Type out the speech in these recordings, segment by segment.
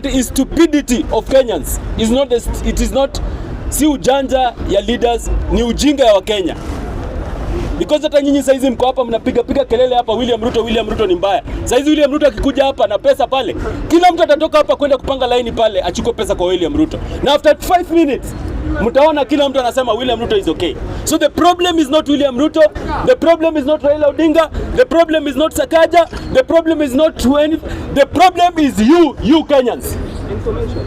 current stupidity of Kenyans is not, it is not, si ujanja ya leaders, ni ujinga ya kenya because hata nyinyi saizi mko hapa mnapiga piga kelele hapa, William Ruto, William Ruto ni mbaya. Saizi William Ruto akikuja hapa na pesa pale, kila mtu atatoka hapa kwenda kupanga laini pale, achukue pesa kwa William Ruto, na after 5 minutes mtaona kila mtu anasema William Ruto is okay. So the problem is not William Ruto, the problem is not Raila Odinga, the problem is not Sakaja, the problem is not any, the problem is you, you Kenyans. Information.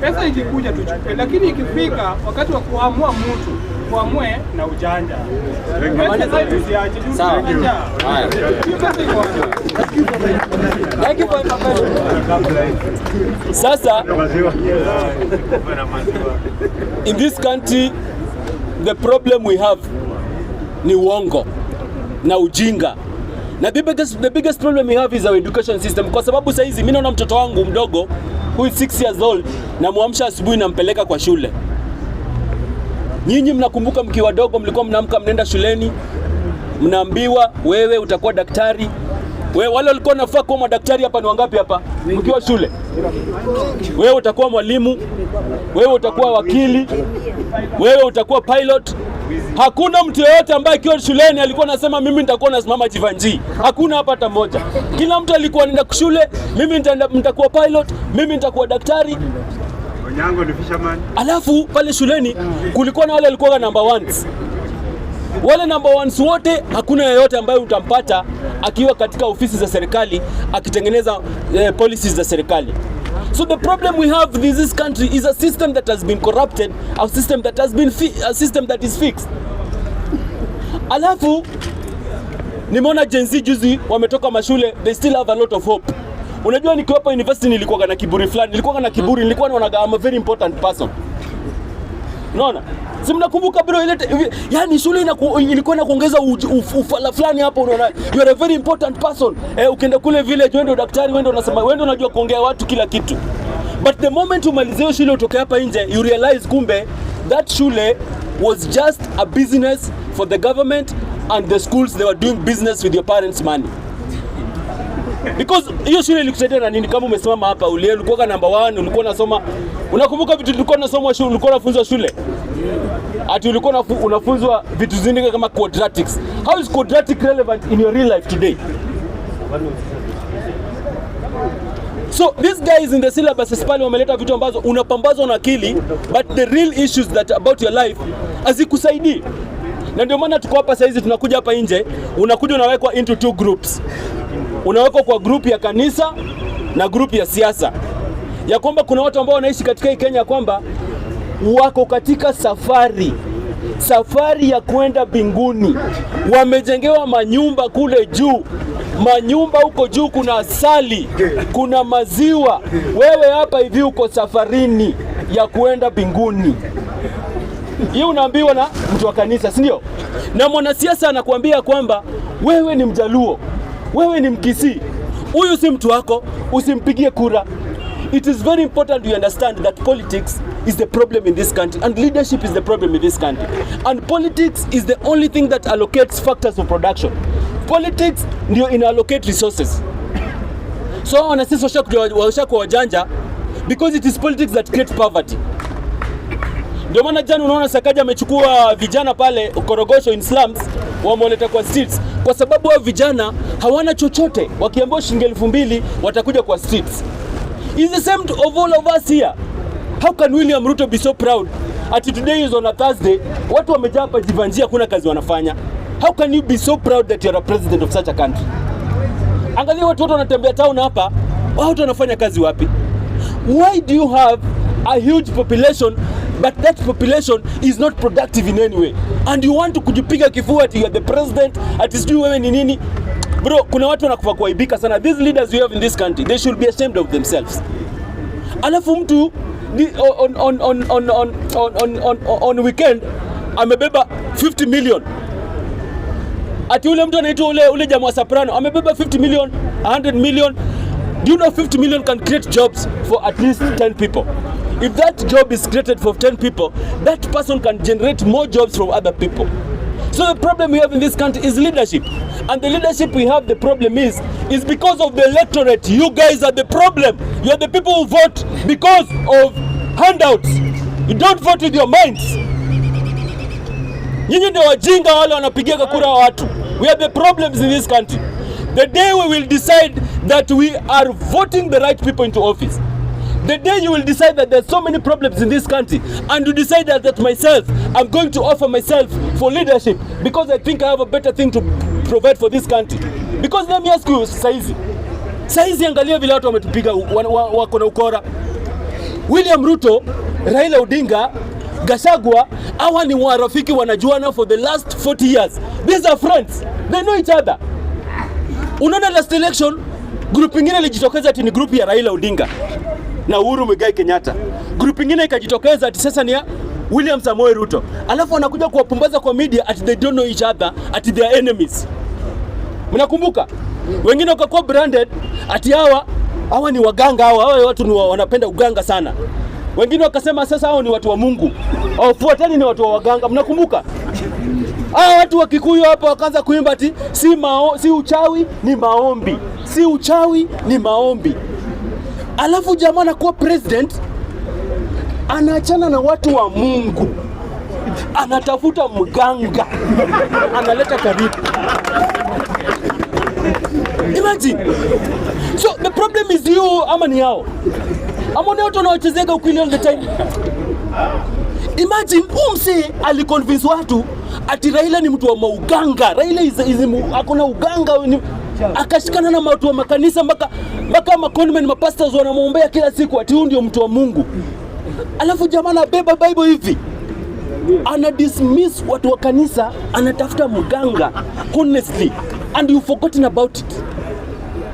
Pesa ikikuja tuchukue, lakini ikifika wakati wa kuamua mtu kuamue na ujanja. Sasa in this country the problem we have ni uongo na ujinga na the biggest, the biggest problem we have is our education system, kwa sababu saizi mi naona mtoto wangu mdogo who is 6 years old namwamsha asubuhi, nampeleka kwa shule. Nyinyi mnakumbuka mkiwa wadogo, mlikuwa mnamka mnaenda shuleni, mnaambiwa wewe utakuwa daktari. We, wale walikuwa nafaa kuwa madaktari hapa ni wangapi hapa mkiwa shule? Wewe utakuwa mwalimu, wewe utakuwa wakili, wewe utakuwa pilot. Hakuna mtu yeyote ambaye akiwa shuleni alikuwa anasema mimi nitakuwa nasimama Jivanji. Hakuna hapa hata mmoja. Kila mtu alikuwa anaenda shule, mimi nitakuwa pilot, mimi nitakuwa daktari, Nyango ni fisherman. Alafu pale shuleni kulikuwa na wale walikuwa number ones. Wale number ones wote hakuna yeyote ambaye utampata akiwa katika ofisi za serikali akitengeneza eh, policies za serikali. So the problem we have in this country is a system that has been corrupted, a system that has been a system that is fixed. Alafu nimeona Gen Z juzi wametoka mashule, they still have a lot of hope. Unajua niko hapa university nilikuwa na kiburi fulani, nilikuwa na kiburi, nilikuwa naona I'm a very important person. Unaona? Si mnakumbuka bro ile yani shule inaku, ilikuwa na kuongeza ufala fulani hapo unaona. You are a very important person. Eh, ukienda kule village wewe ndio daktari, wewe ndio unasema, wewe ndio unajua kuongea watu kila kitu. But the moment umalizie shule utoke hapa nje, you realize kumbe that shule was just a business for the government and the schools they were doing business with your parents money. Because hiyo shule ilikusaidia na nini? Kama umesimama hapa, ulikuwa kwa number 1, ulikuwa unasoma, unakumbuka vitu tulikuwa tunasoma shule, ulikuwa unafunzwa shule ati ulikuwa unafunzwa vitu zingine kama quadratics. How is quadratic relevant in your real life today? So these guys in the syllabuses pale wameleta vitu ambazo unapambazwa na akili but the real issues that about your life azikusaidii. na ndio maana tuko hapa saizi, tunakuja hapa nje, unakuja unawekwa into two groups unawekwa kwa grupu ya kanisa na grupu ya siasa, ya kwamba kuna watu ambao wanaishi katika hii Kenya kwamba wako katika safari safari ya kwenda mbinguni, wamejengewa manyumba kule juu manyumba huko juu, kuna asali, kuna maziwa. Wewe hapa hivi uko safarini ya kuenda mbinguni. Hii unaambiwa na mtu wa kanisa, si ndio? Na mwanasiasa anakuambia kwamba wewe ni Mjaluo, wewe ni Mkisii, huyu si mtu wako, usimpigie kura. It is very important you understand that politics is the problem in this country and leadership is the problem in this country and politics is the only thing that allocates factors of production. Politics ndio ina allocate resources. So wanasisi washakuwa wajanja because it is politics that creates poverty. Ndio maana jana unaona Sakaja amechukua vijana pale Korogosho in slums, wameleta kwa streets kwa sababu hao vijana hawana chochote, wakiambiwa shilingi elfu mbili watakuja kwa streets. Is the same to all of us here. How can William Ruto be so proud? Ati today is on a Thursday, watu wamejaa hapa Jivanjia, hakuna kazi wanafanya. How can you be so proud that you are a president of such a country? Angalia watu wote wanatembea town hapa, watu wanafanya kazi wapi? Why do you have a huge population but that population is not productive in any way and you want kujipiga kifua ati you are the president ati sijui wewe ni nini bro kuna watu wanakufa kuaibika sana these leaders you have in this country they should be ashamed of themselves alafu mtu on, on, on, on, on, on, on, on weekend amebeba 50 million ati ule mtu anaitwa ule, ule jamaa soprano amebeba 50 million 100 million do you know 50 million can create jobs for at least 10 people If that job is created for 10 people, that person can generate more jobs from other people. So the problem we have in this country is leadership. And the leadership we have, the problem is, is because of the electorate. You guys are the problem. you are the people who vote because of handouts. You don't vote with your minds. Nyinyi ndio wajinga wale wanapigia kura watu. We are the problems in this country. The day we will decide that we are voting the right people into office The day you will decide that there are so many problems in this country and you decide that, that myself, I'm going to offer myself for leadership because I think I have a better thing to provide for this country. Because let me ask you saizi. Saizi angalia vile watu wametupiga wako na ukora. William Ruto, Raila Odinga, Gashagwa, hawa ni warafiki wanajuana for the last 40 years. These are friends. They know each other. Unaona last election group ingine ilijitokeza ati ni group ya Raila Odinga na Uhuru Muigai Kenyatta. Group nyingine ikajitokeza ati sasa ni William Samoei Ruto, alafu wanakuja kuwapumbaza kwa media ati they don't know each other, ati they are enemies. Mnakumbuka wengine wakakuwa branded ati hawa hawa ni waganga, hawa hawa watu ni wanapenda uganga sana. Wengine wakasema sasa hao ni watu wa Mungu, wafuatani oh, ni watu wa waganga. Mnakumbuka hawa watu wa Kikuyu hapo wakaanza kuimba ati si, mao, si uchawi ni maombi, si uchawi ni maombi alafu jamaa anakuwa president, anaachana na watu wa Mungu, anatafuta mganga, analeta karibu. Imagine. So the problem is you ama ni hao ama ni watu wanaochezega ukweli all the time. Imagine huyu msee aliconvince watu ati Raila ni mtu wa mauganga. Raila is, is, akona uganga ni, akashikana na watu wa makanisa mpaka mpaka makonmen mapastors wanamwombea kila siku, ati huyu ndio mtu wa Mungu. Alafu jamaa anabeba Bible hivi ana dismiss watu wa kanisa, anatafuta mganga. Honestly, and you forgotten about it.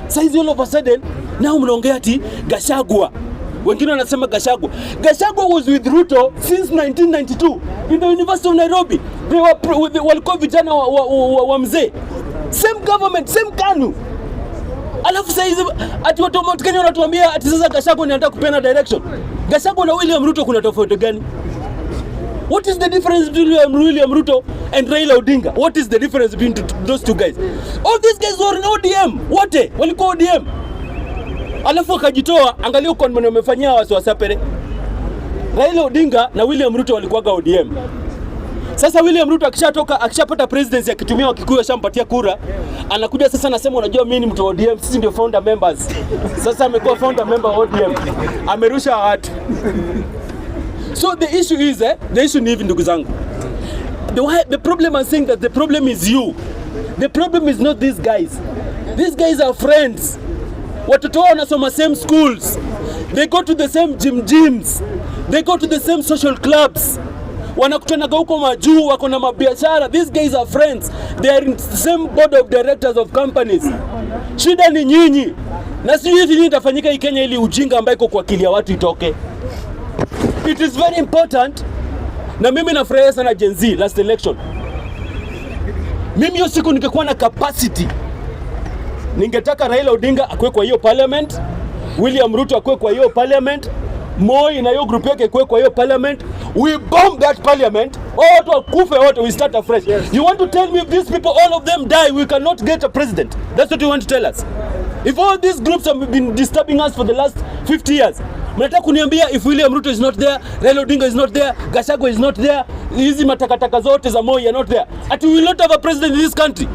Saizi all of a sudden nao mnaongea ati Gashagwa wengine wanasema Gashagwa. Gashagwa was with Ruto since 1992 in the University of Nairobi. They were walikuwa vijana wa, wa, wa, wa mzee same government same KANU, alafu sasa hizi ati watu wa Mount Kenya wanatuambia ati sasa Gachagua anataka kupeana direction. Gachagua na William Ruto kuna tofauti gani? What is the difference between William Ruto and Raila Odinga? What is the difference between those two guys? All these guys were in ODM. Wote walikuwa ODM. Alafu akajitoa, angalia uko wamefanyia wasiwasapere. Raila Odinga na William Ruto walikuwaga ODM. Sasa William Ruto akishatoka akishapata presidency akitumia Wakikuyu ashampatia kura, anakuja sasa anasema, unajua mimi ni mtu wa ODM, sisi ndio founder members. Sasa amekuwa founder member wa ODM, amerusha watu. So the issue is eh, the issue ni hivi ndugu zangu, the, why, the problem I'm saying that the problem is you, the problem is not these guys. These guys are friends, watoto wao wanasoma same schools, they go to the same gym gyms, they go to the same social clubs wanakutanaga huko majuu, wako na mabiashara. These guys are friends, they are in the same board of directors of companies. Shida ni nyinyi, na sijui hivi nini itafanyika hii Kenya ili ujinga ambayo iko kwa akili ya watu itoke. It is very important, na mimi nafurahia sana Gen Z last election. Mimi hiyo siku ningekuwa na capacity, ningetaka Raila Odinga akuwe kwa hiyo parliament, William Ruto akuwe kwa hiyo parliament Moi na hiyo group yake kuwe kwa hiyo parliament, we bomb that parliament watu wakufe wote we start afresh yes. you want to tell me if these people all of them die we cannot get a president that's what you want to tell us if all these groups have been disturbing us for the last 50 years mnataka kuniambia if William Ruto is not there Raila Odinga is not there gashago is not there hizi matakataka zote za Moi are not there at we will not have a president in this country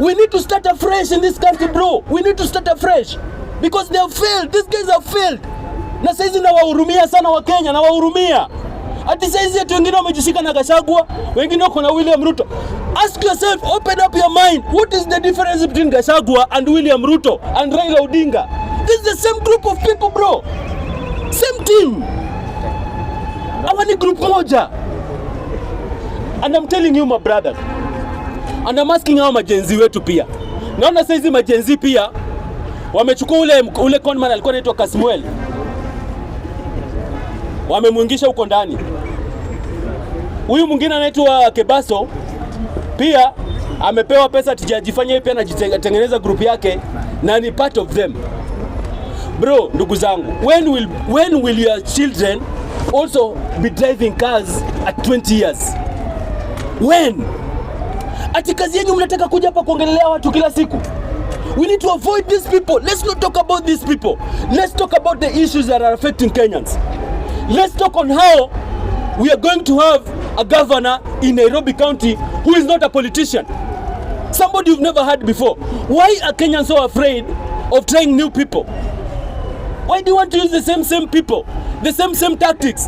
we need to start afresh in this country bro we need to start afresh because they have failed these guys have failed na saizi nawahurumia sana wa Wakenya nawahurumia Ati saizi yetu wengine wamejishika na Gashagwa, wengine wako na William Ruto. Ask yourself, open up your mind. What is the difference between Gashagwa and William Ruto and Raila Odinga? This is the same group of people, bro. Same team. Hawa ni group moja. And I'm telling you my brother. And I'm asking hawa majenzi wetu pia. Naona saizi majenzi pia wamechukua ule ule conman alikuwa anaitwa Kasmuel wamemwingisha huko ndani. Huyu mwingine anaitwa Kebaso pia amepewa pesa tijajifanya pia anajitengeneza group yake na ni part of them. Bro, ndugu zangu, when will, when will your children also be driving cars at 20 years? When? Ati kazi yenyu mnataka kuja hapa kuongelelea watu kila siku. We need to avoid these people. Let's not talk about these people. Let's talk about the issues that are affecting Kenyans. Let's talk on how we are going to have a governor in Nairobi County who is not a politician. Somebody you've never had before. Why are Kenyans so afraid of trying new people? Why do you want to use the same same people? The same same tactics?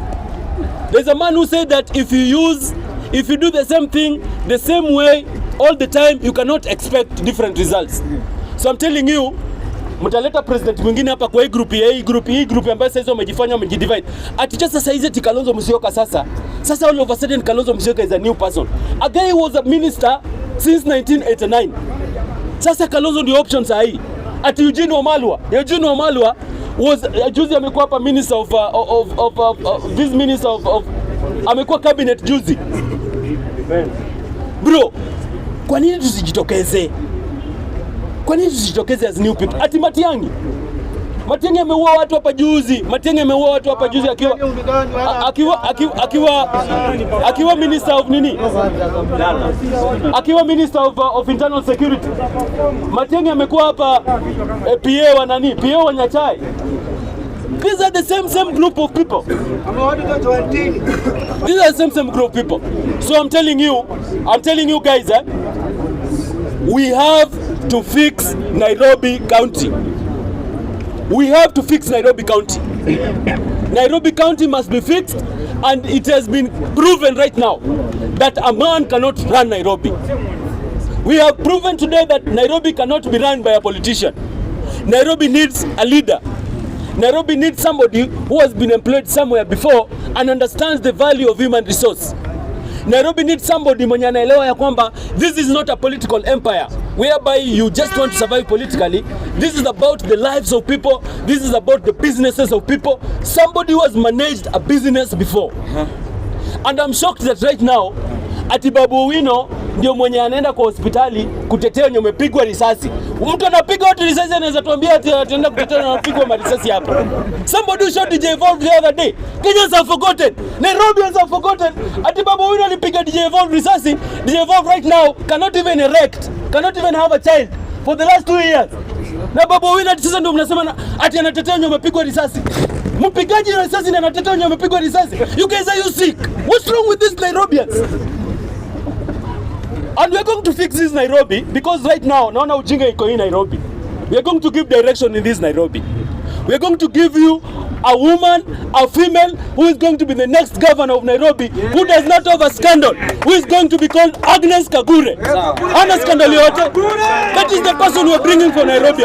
There's a man who said that if you use if you do the same thing the same way all the time you cannot expect different results. So I'm telling you mtaleta president mwingine hapa kwa hii group ya hii group hii group ambayo sasa hizo umejifanya umejidivide Ati just sasa hizi Kalonzo Musyoka sasa. Sasa all of a sudden Kalonzo Musyoka is a new person. a guy who was a minister since 1989. Sasa Kalonzo ndio option saa hii. Ati Eugene Wamalwa, Eugene Wamalwa was uh, juzi amekuwa hapa minister of, uh, of, of, of, of this minister of, of amekuwa cabinet juzi. Bro, kwa nini tusijitokeze? Kwa nini tusitokeze as new people? Ati Matiang'i Matiang'i ameua watu hapa juzi. Matiang'i ameua watu hapa juzi akiwa akiwa akiwa akiwa minister of nini? Akiwa minister of, uh, of internal security. Matiang'i amekuwa hapa eh, PA wa nani? PA wa Nyachai. These are the same same group of people. These are the same same group of people. So I'm telling you, I'm telling you guys, eh, we have to fix Nairobi County. We have to fix Nairobi County. Nairobi County must be fixed, and it has been proven right now that a man cannot run Nairobi. We have proven today that Nairobi cannot be run by a politician. Nairobi needs a leader. Nairobi needs somebody who has been employed somewhere before and understands the value of human resource. Nairobi need somebody mwenye anaelewa ya kwamba this is not a political empire whereby you just want to survive politically. This is about the lives of people. This is about the businesses of people. Somebody who has managed a business before. Uh-huh. And I'm shocked that right now ati Babu Owino ndio mwenye anaenda kwa hospitali kutetea wenye umepigwa risasi. Mtu anapiga watu risasi anaweza tuambia ati anaenda kutetea na anapigwa marisasi hapa. Somebody shot DJ Evolve the other day. Kenyans have forgotten. Nairobi has forgotten. Ati Babu Owino alipiga DJ Evolve risasi. DJ Evolve right now cannot even erect, cannot even have a child for the last two years. Na Babu Owino ati sasa ndio mnasema ati anatetea wenye umepigwa risasi. Mpigaji risasi na anatetea wenye umepigwa risasi. You guys are you sick? What's wrong with these Nairobians? And we are going to fix this Nairobi because right now naona ujinga iko hii Nairobi. We are going to give direction in this Nairobi. We are going to give you a woman, a female who is going to be the next governor of Nairobi who does not have a scandal, who is going to be called Agnes Kagure. ana scandal yote. That is the person we are bringing for Nairobi.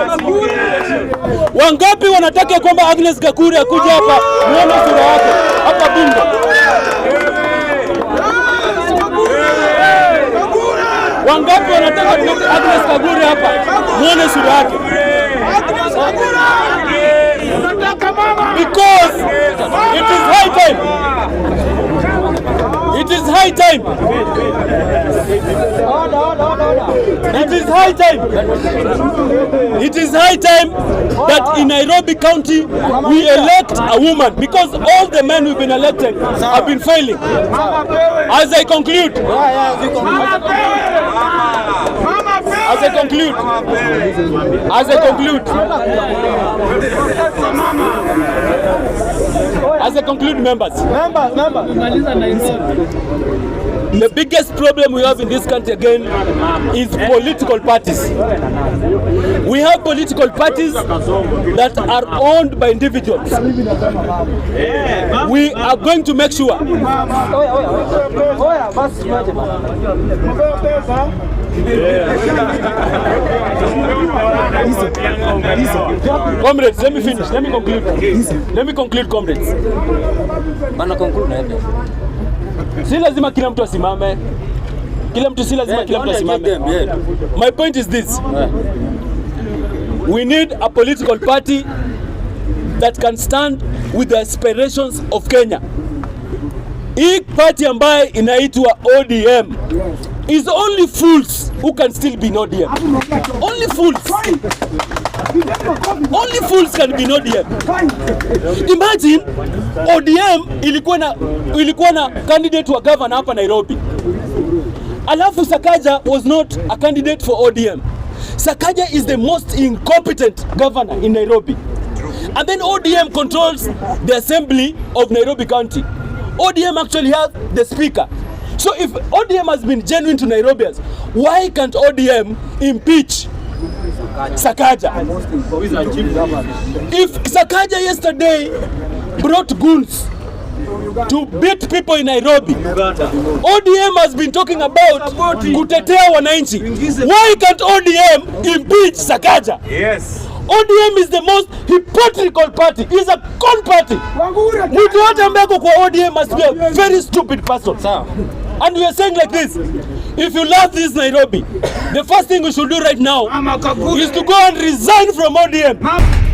Wangapi wanataka kwamba Agnes Kagure akuje hapa muone sura yake hapa bingo. Wangapi wanataka Agnes Kagure hapa? Muone sura yake. Because it is high time. It is high time. It is high time. It is high time that in Nairobi County we elect a woman because all the men who've been elected have been failing. As I conclude, as I conclude, as I conclude. As I conclude, members. Members, members. The biggest problem we have in this country again is political parties. We have political parties that are owned by individuals. We are going to make sure Comrades, let me finish. Let me conclude. Let me conclude, comrades. Maana conclude naende. Si lazima kila mtu asimame. Kila mtu si lazima eh, kila mtu asimame. My point is this. Eh. We need a political party that can stand with the aspirations of Kenya. Hii party ambaye inaitwa ODM is only fools who can still be in ODM. Only fools. Only fools can be in ODM. Imagine ODM ilikuwa na ilikuwa na candidate wa governor hapa Nairobi. Alafu Sakaja was not a candidate for ODM. Sakaja is the most incompetent governor in Nairobi. And then ODM controls the assembly of Nairobi County. ODM actually has the speaker. So if ODM has been genuine to Nairobians, why can't ODM impeach Sakaja. If Sakaja yesterday brought goons to beat people in Nairobi. ODM has been talking about kutetea wananchi. Why can't ODM impeach Sakaja? Yes. ODM is the most hypocritical party. It's a con party. Mtu yote ambaye kwa ODM must be a very stupid person. And we are saying like this. If you love this Nairobi, the first thing you should do right now is to go and resign from ODM.